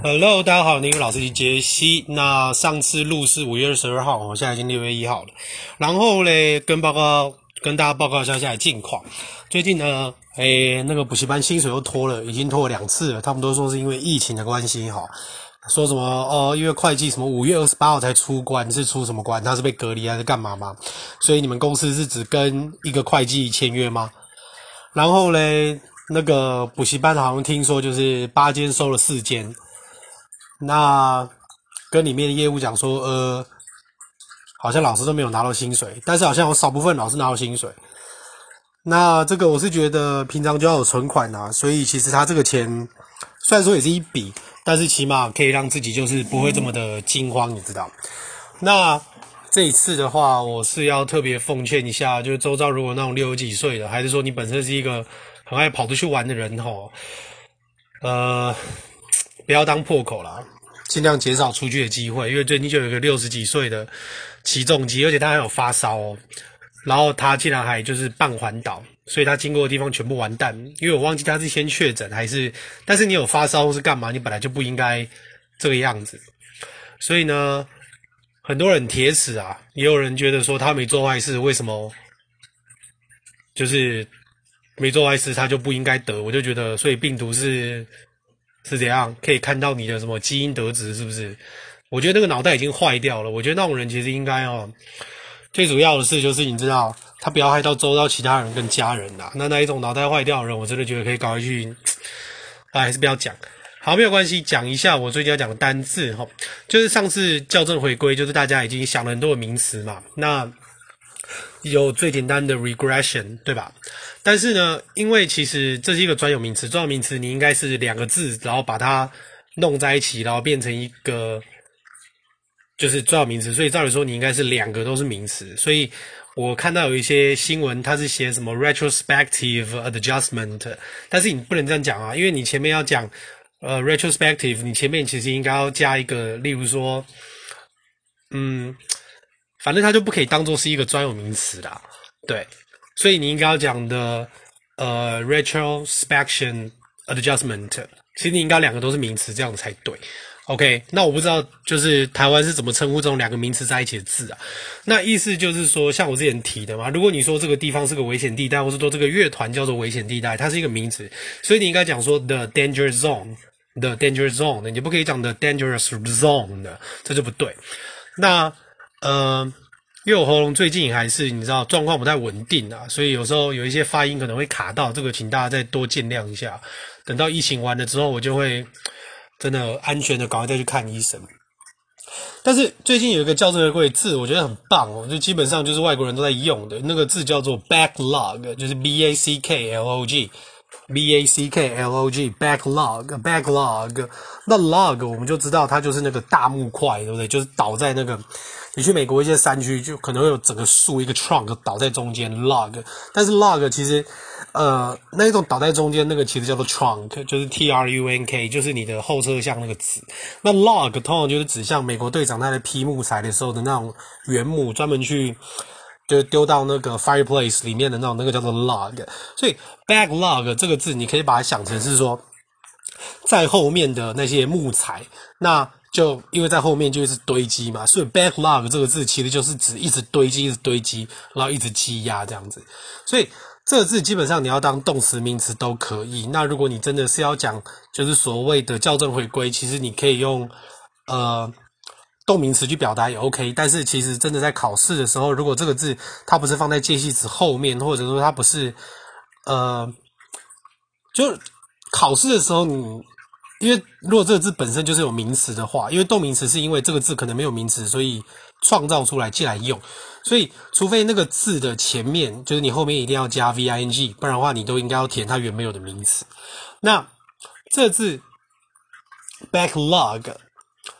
Hello，大家好，那個 老師是傑西。那上次錄是五月二十二號，我現在已經六月一號了。然後呢，跟報告跟大家報告一下現在的近況。最近呢，誒、欸、那個補習班薪水又拖了，已經拖了兩次了。他們都說是因為疫情的關係，哈，說什麼哦、呃，因為會計什麼五月二十八號才出關，你是出什麼關？他是被隔離還是幹嘛嘛？所以你們公司是只跟一個會計簽約嗎？然後呢，那個補習班好像聽說就是八間收了四間。那跟裡面的業務講說，呃，好像老師都沒有拿到薪水，但是好像有少部分老師拿到薪水。那這個我是覺得平常就要有存款吶、啊，所以其實他這個錢雖然說也是一筆，但是起碼可以讓自己就是不會這麼的驚慌，嗯、你知道？那這一次的話，我是要特別奉勸一下，就是周遭如果那種六十幾歲的，還是說你本身是一個很愛跑出去玩的人吼，呃。不要當破口啦，盡量減少出去的機會。因為最近就有個六十幾歲的騎重機，而且他還有發燒喔，然後他竟然還就是半環島，所以他經過的地方全部完蛋。因為我忘記他是先確診還是，但是你有發燒或是幹嘛，你本來就不應該這個樣子。所以呢，很多人鐵齒啊，也有人覺得說他沒做壞事，為什麼就是沒做壞事他就不應該得？我就覺得，所以病毒是。是怎樣可以看到你的什麼基因得值，是不是？我覺得那個腦袋已經壞掉了。我覺得那種人其實應該哦、喔，最主要的是就是你知道，他不要害到周遭其他人跟家人啦。那那一種腦袋壞掉的人，我真的覺得可以搞回去，還是不要講。好，沒有關係，講一下我最近要講的單字吼、喔、就是上次校正回歸，就是大家已經想了很多的名詞嘛，那。有最簡單的 regression，對吧？但是呢，因為其實這是一個專有名詞，專有名詞你應該是兩個字，然後把它弄在一起，然後變成一個就是專有名詞。所以照理說，你應該是兩個都是名詞。所以我看到有一些新聞，它是寫什麼 retrospective adjustment，但是你不能這樣講啊，因為你前面要講呃 retrospective，你前面其實應該要加一個，例如說，嗯。反正它就不可以當做是一個專有名詞啦，對，所以你應該要講的，呃，retrospection adjustment，其實你應該兩個都是名詞這樣才對。OK，那我不知道就是台灣是怎麼稱呼這種兩個名詞在一起的字啊？那意思就是說，像我之前提的嘛，如果你說這個地方是個危險地帶，或是說這個樂團叫做危險地帶，它是一個名詞，所以你應該講說 the danger zone，the danger zone，你就不可以講 the dangerous zone 的，這就不對。那呃，因為我喉嚨最近還是你知道狀況不太穩定啊，所以有時候有一些發音可能會卡到，這個請大家再多見諒一下。等到疫情完了之後，我就會真的安全的趕快再去看醫生。但是最近有一個叫做這個字，我覺得很棒哦，就基本上就是外國人都在用的那個字叫做 backlog，就是 b a c k l o g。b a c k l o g backlog backlog，那 log 我們就知道它就是那個大木塊，對不對？就是倒在那個，你去美國一些山區就可能會有整個樹一個 trunk 倒在中間 log，但是 log 其實，呃，那一種倒在中間那個其實叫做 trunk，就是 t r u n k，就是你的後車廂那個詞。那 log 通常就是指向美國隊長他在劈木材的時候的那種原木，專門去。就丟到那個 fireplace 裡面的那種那個叫做 log，所以 backlog 這個字，你可以把它想成是說在後面的那些木材，那就因為在後面就是堆積嘛，所以 backlog 這個字其實就是指一直堆積、一直堆積，然後一直積壓這樣子。所以這個字基本上你要當動詞、名詞都可以。那如果你真的是要講就是所謂的校正回歸，其實你可以用呃。動名詞去表達也 OK，但是其實真的在考試的時候，如果這個字它不是放在介系詞後面，或者說它不是呃，就考試的時候你，你因為如果這個字本身就是有名詞的話，因為動名詞是因為這個字可能沒有名詞，所以創造出來借來用，所以除非那個字的前面就是你後面一定要加 V I N G，不然的話你都應該要填它原沒有的名詞。那這個、字 backlog。Back log.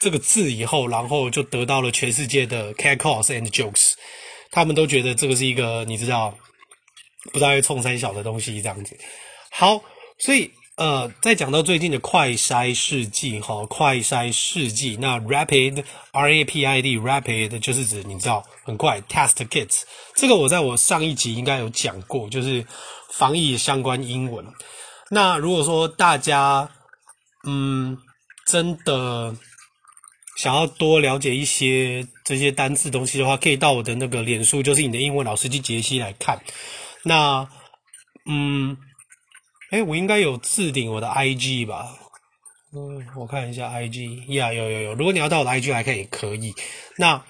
這個字以後，然後就得到了全世界的 catcalls and jokes，他們都覺得這個是一個你知道，不知道要衝三小的東西這樣子。好，所以呃，再講到最近的快篩試劑哈，快篩試劑那 rapid R A P I D rapid 就是指你知道很快 test kits，這個我在我上一集應該有講過，就是防疫相關英文。那如果說大家嗯真的。想要多了解一些這些單字東西的話，可以到我的那個臉書，就是你的英文老師傑西來看。那，嗯，哎、欸，我應該有置頂我的 IG 吧？嗯，我看一下 IG，呀、yeah，有有有。如果你要到我的 IG 來看，也可以。那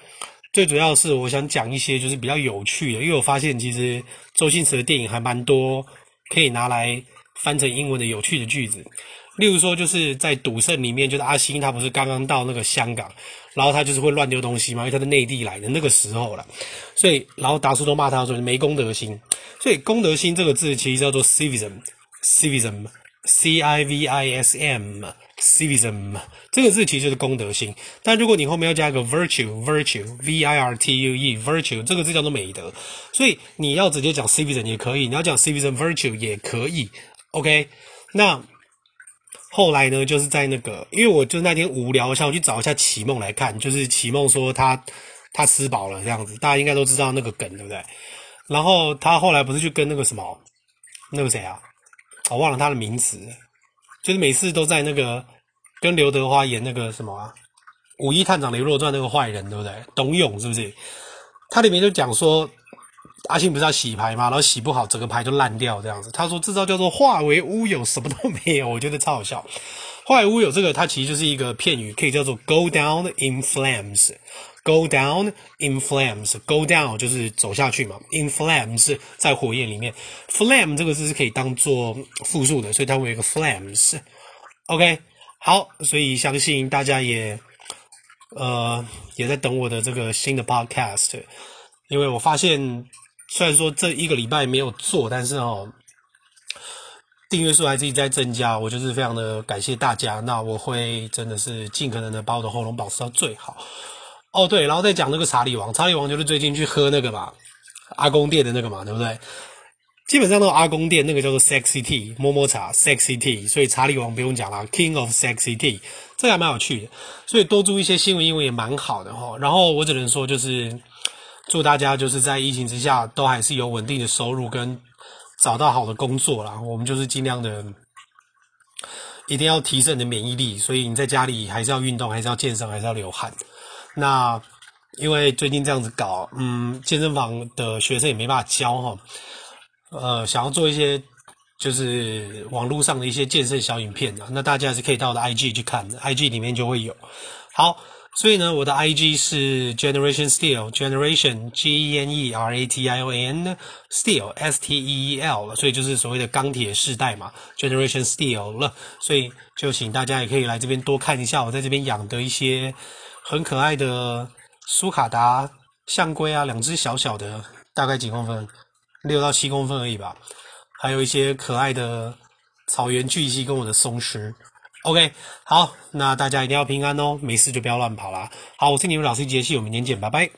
最主要的是我想講一些就是比較有趣的，因為我發現其實周星馳的電影還蠻多，可以拿來。翻成英文的有趣的句子，例如說，就是在賭聖裡面，就是阿星他不是剛剛到那個香港，然後他就是會亂丟東西嘛，因為他在內地來的那個時候啦，所以然後達叔都罵他說，你沒公德心，所以公德心這個字其實叫做 civism，civism，c-i-v-i-s-m，civism civ civ 這個字其實就是公德心，但如果你後面要加一個 virtue，virtue，v-i-r-t-u-e，virtue、e, virtue，這個字叫做美德，所以你要直接講 civism 也可以，你要講 civism virtue 也可以。OK，那後來呢？就是在那個，因為我就那天無聊一下，像我去找一下祁夢來看，就是祁夢說他他吃飽了這樣子，大家應該都知道那個梗，對不對？然後他後來不是去跟那個什麼，那個誰啊，我忘了他的名字，就是每次都在那個跟劉德華演那個什麼啊，《五億探長雷洛傳》那個壞人，對不對？董勇是不是？他裡面就講說。阿信不是要洗牌嘛，然後洗不好整個牌就爛掉這樣子。他說這招叫做化為烏有，什麼都沒有。我覺得超好笑。化為烏有這個，它其實就是一個片語，可以叫做 go down in flames。go down in flames。go down 就是走下去嘛。in flames 是在火焰裡面。flame 這個字是可以當做複數的，所以它會有一個 flames。OK，好，所以相信大家也呃也在等我的這個新的 podcast，因為我發現。雖然說這一個禮拜沒有做，但是哦，訂閱數還是一直在增加，我就是非常的感謝大家。那我會真的是盡可能的把我的喉嚨保持到最好。哦，對，然後再講那個查理王，查理王就是最近去喝那個嘛，阿公店的那個嘛，對不對？基本上那個阿公店那個叫做 Sexy Tea，摸摸茶，Sexy Tea，所以查理王不用講了，King of Sexy Tea，這個還蠻有趣的。所以多注意一些新聞英文也蠻好的哈、哦。然後我只能說就是。祝大家就是在疫情之下都還是有穩定的收入跟找到好的工作啦。我們就是盡量的，一定要提升你的免疫力。所以你在家裡還是要運動，還是要健身，還是要流汗。那因為最近這樣子搞，嗯，健身房的學生也沒辦法教哈。呃，想要做一些就是網絡上的一些健身小影片啊，那大家還是可以到我的 IG 去看，IG 裡面就會有。好。所以呢，我的 IG 是 Generation Steel，Generation G E N E R A T I O N Steel S T E E L，所以就是所謂的鋼鐵世代嘛，Generation Steel 了。所以就請大家也可以來這邊多看一下我在這邊養的一些很可愛的蘇卡達象龜啊，兩隻小小的，大概幾公分，六到七公分而已吧。還有一些可愛的草原巨蜥跟我的鬆獅。OK，好，那大家一定要平安哦，沒事就不要亂跑啦。好，我是你們老師傑西，我們明天見，拜拜。